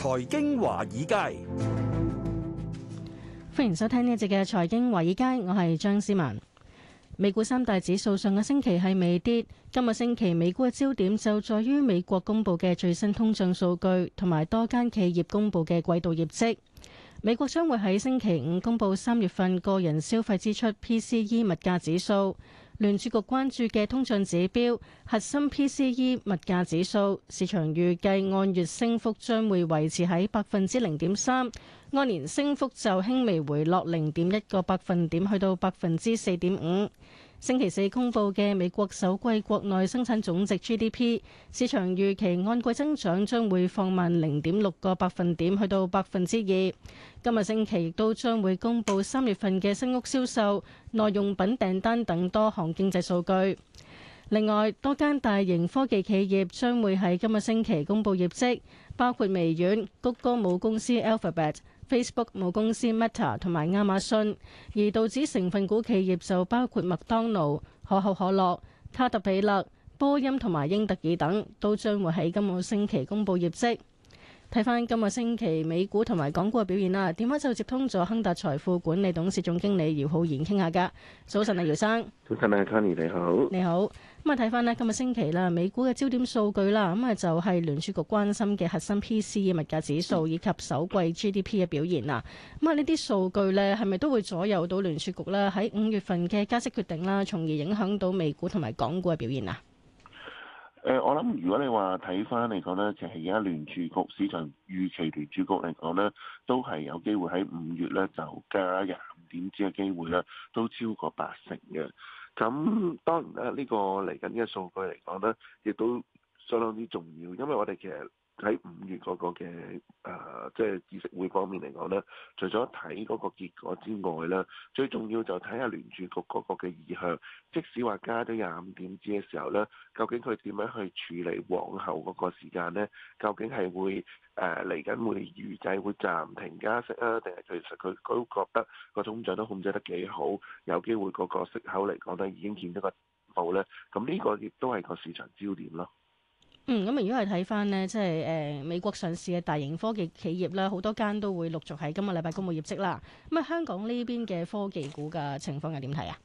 財經華爾街，歡迎收聽呢一節嘅財經華爾街，我係張思文。美股三大指數上個星期係未跌，今日星期美股嘅焦點就在於美國公佈嘅最新通脹數據同埋多間企業公佈嘅季度業績。美國將會喺星期五公佈三月份個人消費支出 PCE 物價指數。聯儲局關注嘅通脹指標核心 PCE 物價指數，市場預計按月升幅將會維持喺百分之零點三，按年升幅就輕微回落零點一個百分點，去到百分之四點五。星期四公布嘅美國首季國內生產總值 GDP，市場預期按季增長將會放慢零點六個百分點，去到百分之二。今個星期亦都將會公布三月份嘅新屋銷售、耐用品訂單等多項經濟數據。另外，多間大型科技企業將會喺今個星期公布業績，包括微軟、谷歌母公司 Alphabet。Facebook 母公司 Meta 同埋亞馬遜，而道指成分股企業就包括麥當勞、可口可樂、卡特彼勒、波音同埋英特爾等，都將會喺今個星期公布業績。睇翻今個星期美股同埋港股嘅表現啦，點解就接通咗亨達財富管理董事總經理姚浩然傾下噶？早晨啊，姚生。早晨啊，Connie 你好。你好。咁啊，睇翻呢今個星期啦，美股嘅焦點數據啦，咁啊就係、是、聯儲局關心嘅核心 PCE 物價指數以及首季 GDP 嘅表現啊。咁啊、嗯，呢啲數據呢，係咪都會左右到聯儲局咧喺五月份嘅加息決定啦，從而影響到美股同埋港股嘅表現啊？誒、呃，我諗如果你話睇翻嚟講呢，其實而家聯儲局市場預期聯儲局嚟講呢，都係有機會喺五月呢就加廿五點子嘅機會呢，都超過八成嘅。咁當然咧，呢、這個嚟緊嘅數據嚟講呢，亦都相當之重要，因為我哋其實。喺五月嗰個嘅誒、呃，即係議息會方面嚟講呢，除咗睇嗰個結果之外呢，最重要就睇下聯儲局嗰個嘅意向。即使話加咗廿五點子嘅時候呢，究竟佢點樣去處理往後嗰個時間咧？究竟係會誒嚟緊會預計會暫停加息啊，定係其實佢佢覺得個通脹都控制得幾好，有機會嗰個息口嚟講呢已經見到個步呢。咁呢個亦都係個市場焦點咯。嗯，咁如果係睇翻呢，即係誒、呃、美國上市嘅大型科技企業啦，好多間都會陸續喺今個禮拜公佈業績啦。咁、嗯、啊，香港呢邊嘅科技股嘅情況係點睇啊？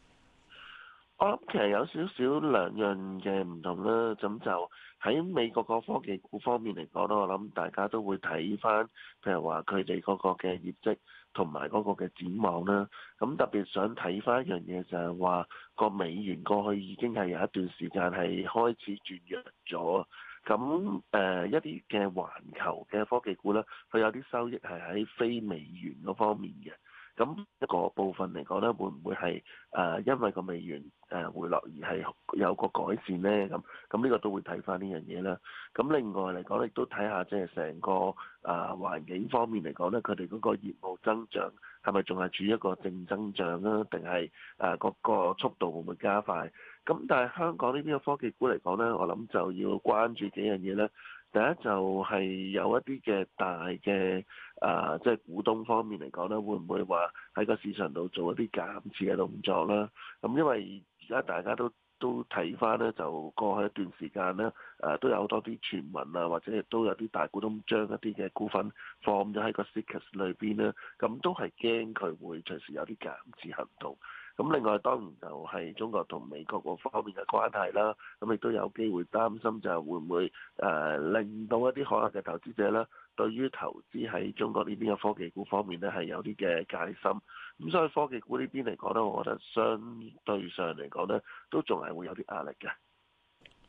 我諗其實有少少兩樣嘅唔同啦。咁就喺美國個科技股方面嚟講咧，我諗大家都會睇翻，譬如話佢哋嗰個嘅業績同埋嗰個嘅展望啦。咁特別想睇翻一樣嘢就係話個美元過去已經係有一段時間係開始轉弱咗。咁誒一啲嘅環球嘅科技股咧，佢有啲收益係喺非美元嗰方面嘅。咁一個部分嚟講咧，會唔會係誒因為個美元誒回落而係有個改善咧？咁咁呢個都會睇翻呢樣嘢啦。咁另外嚟講，亦都睇下即係成個誒環境方面嚟講咧，佢哋嗰個業務增長係咪仲係處於一個正增長啦？定係誒嗰個速度會唔會加快？咁但係香港呢邊嘅科技股嚟講呢，我諗就要關注幾樣嘢咧。第一就係有一啲嘅大嘅啊，即、呃、係、就是、股東方面嚟講呢，會唔會話喺個市場度做一啲減持嘅動作啦？咁、嗯、因為而家大家都都睇翻呢，就過去一段時間呢，誒、呃、都有好多啲傳聞啊，或者亦都有啲大股東將一啲嘅股份放咗喺個 CCASS 裏邊咧，咁、嗯、都係驚佢會隨時有啲減持行動。咁另外當然就係中國同美國嗰方面嘅關係啦，咁亦都有機會擔心就係會唔會誒、呃、令到一啲可能嘅投資者呢對於投資喺中國呢邊嘅科技股方面呢係有啲嘅戒心，咁所以科技股呢邊嚟講呢，我覺得相對上嚟講呢，都仲係會有啲壓力嘅。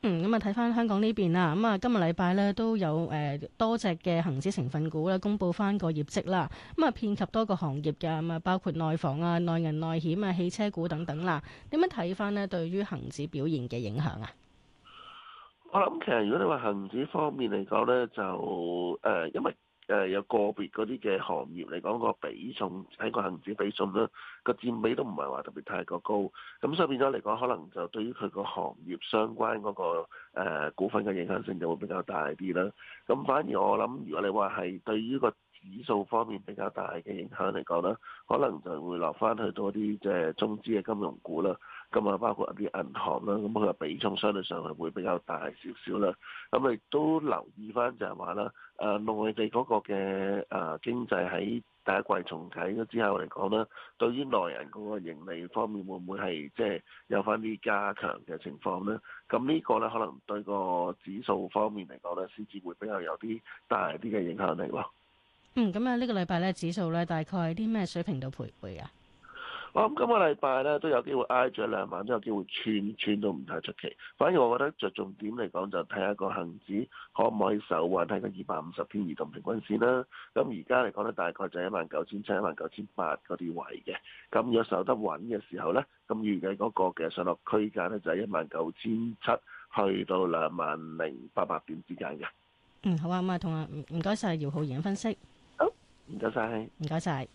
嗯，咁啊睇翻香港呢邊啦，咁啊今日禮拜咧都有誒、呃、多隻嘅恒指成分股咧公布翻個業績啦，咁、嗯、啊遍及多個行業嘅，咁啊包括內房啊、內銀內險啊、汽車股等等啦。點樣睇翻咧？對於恒指表現嘅影響啊？我諗其實如果你話恒指方面嚟講咧，就誒、呃、因為。誒、呃、有個別嗰啲嘅行業嚟講個比重喺個恆指比重啦，個佔比都唔係話特別太過高，咁所以變咗嚟講，可能就對於佢個行業相關嗰、那個、呃、股份嘅影響性就會比較大啲啦。咁反而我諗，如果你話係對於個指數方面比較大嘅影響嚟講啦，可能就會落翻去多啲即係中資嘅金融股啦。咁啊，包括一啲銀行啦，咁佢嘅比重相對上係會比較大少少啦。咁咪都留意翻就係話啦，誒、內地嗰個嘅誒經濟喺第一季重啟咗之後嚟講咧，對於內人嗰個盈利方面會唔會係即係有翻啲加強嘅情況呢？咁、這、呢個咧可能對個指數方面嚟講咧，先至會比較有啲大啲嘅影響力咯。嗯，咁啊，呢個禮拜呢，指數呢大概啲咩水平度徘徊啊？好，今個禮拜咧都有機會挨住一兩萬，都有機會串串都唔太出奇。反而我覺得着重點嚟講，就睇下個恆指可唔可以守穩睇個二百五十天移動平均線啦。咁而家嚟講咧，大概就係一萬九千七、一萬九千八嗰啲位嘅。咁如果守得穩嘅時候咧，咁預計嗰個嘅上落區間咧就係一萬九千七去到兩萬零八百點之間嘅。嗯，好啊，咁啊，同啊，唔唔該晒，姚浩然分析。好。唔該晒。唔該曬。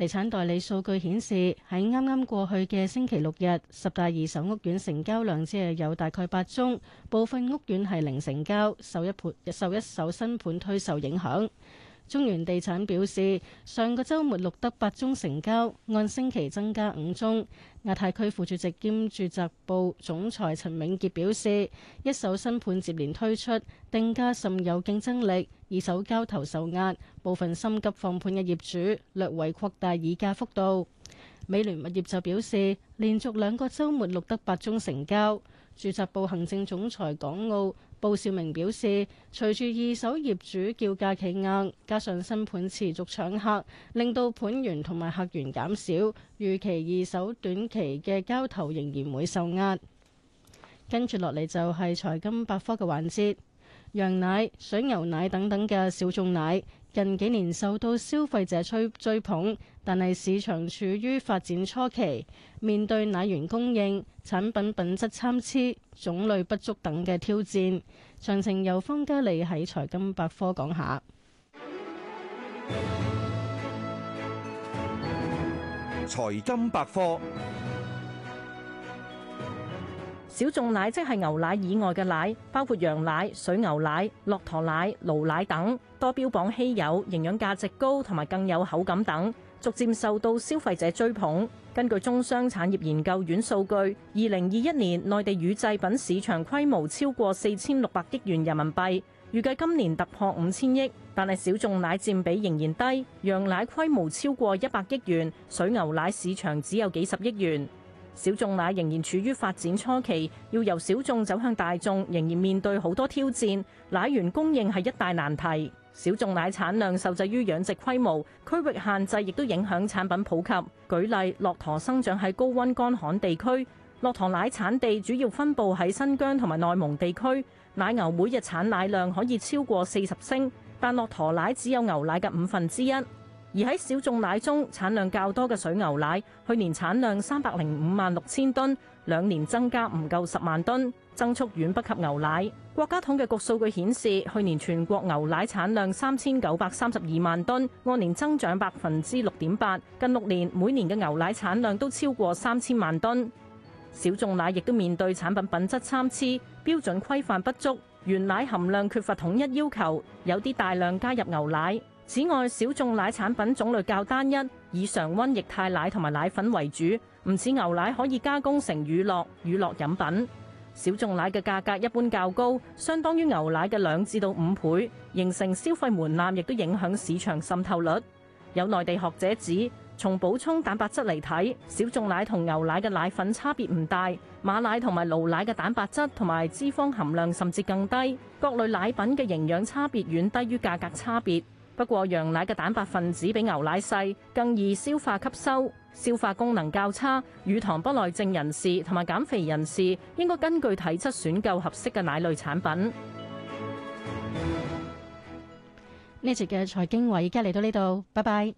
地產代理數據顯示，喺啱啱過去嘅星期六日，十大二手屋苑成交量只係有大概八宗，部分屋苑係零成交，受一盤受一手新盤推售影響。中原地產表示，上個周末錄得八宗成交，按星期增加五宗。亞太區副主席兼住宅部總裁陳永傑表示，一手新盤接連推出，定價甚有競爭力；二手交投受壓，部分心急放盤嘅業主略為擴大議價幅度。美聯物業就表示，連續兩個周末錄得八宗成交。住宅部行政總裁港澳布少明表示，隨住二手業主叫價企硬，加上新盤持續搶客，令到盤源同埋客源減少，預期二手短期嘅交投仍然會受壓。跟住落嚟就係財金百科嘅環節，羊奶、水牛奶等等嘅小眾奶，近幾年受到消費者吹追捧。但係市場處於發展初期，面對奶源供應、產品品質參差、種類不足等嘅挑戰。詳情由方嘉利喺財金百科講下，財金百科，小眾奶即係牛奶以外嘅奶，包括羊奶、水牛奶、駱駝奶、驢奶，奶等，多標榜稀有、營養價值高同埋更有口感等。逐漸受到消費者追捧。根據中商產業研究院數據，二零二一年內地乳製品市場規模超過四千六百億元人民幣，預計今年突破五千億。但係小眾奶佔比仍然低，羊奶規模超過一百億元，水牛奶市場只有幾十億元。小眾奶仍然處於發展初期，要由小眾走向大眾，仍然面對好多挑戰。奶源供應係一大難題。小眾奶產量受制於養殖規模、區域限制，亦都影響產品普及。舉例，駱駝生長喺高溫乾旱地區，駱駝奶產地主要分布喺新疆同埋內蒙地區。奶牛每日產奶量可以超過四十升，但駱駝奶只有牛奶嘅五分之一。而喺小眾奶中，產量較多嘅水牛奶，去年產量三百零五萬六千噸。兩年增加唔夠十萬噸，增速遠不及牛奶。國家統計局數據顯示，去年全國牛奶產量三千九百三十二萬噸，按年增長百分之六點八。近六年每年嘅牛奶產量都超過三千萬噸。小眾奶亦都面對產品品質參差、標準規範不足、原奶含量缺乏統一要求，有啲大量加入牛奶。此外，小眾奶產品種類較單一，以常溫液態奶同埋奶粉為主。唔似牛奶可以加工成乳酪、乳酪飲品，小眾奶嘅價格一般較高，相當於牛奶嘅兩至到五倍，形成消費門檻，亦都影響市場滲透率。有內地學者指，從補充蛋白質嚟睇，小眾奶同牛奶嘅奶粉差別唔大，馬奶同埋驢奶嘅蛋白質同埋脂肪含量甚至更低，各類奶粉嘅營養差別遠低於價格差別。不過羊奶嘅蛋白分子比牛奶細，更易消化吸收。消化功能較差、乳糖不耐症人士同埋減肥人士，應該根據體質選購合適嘅奶類產品。呢次嘅財經話，而家嚟到呢度，拜拜。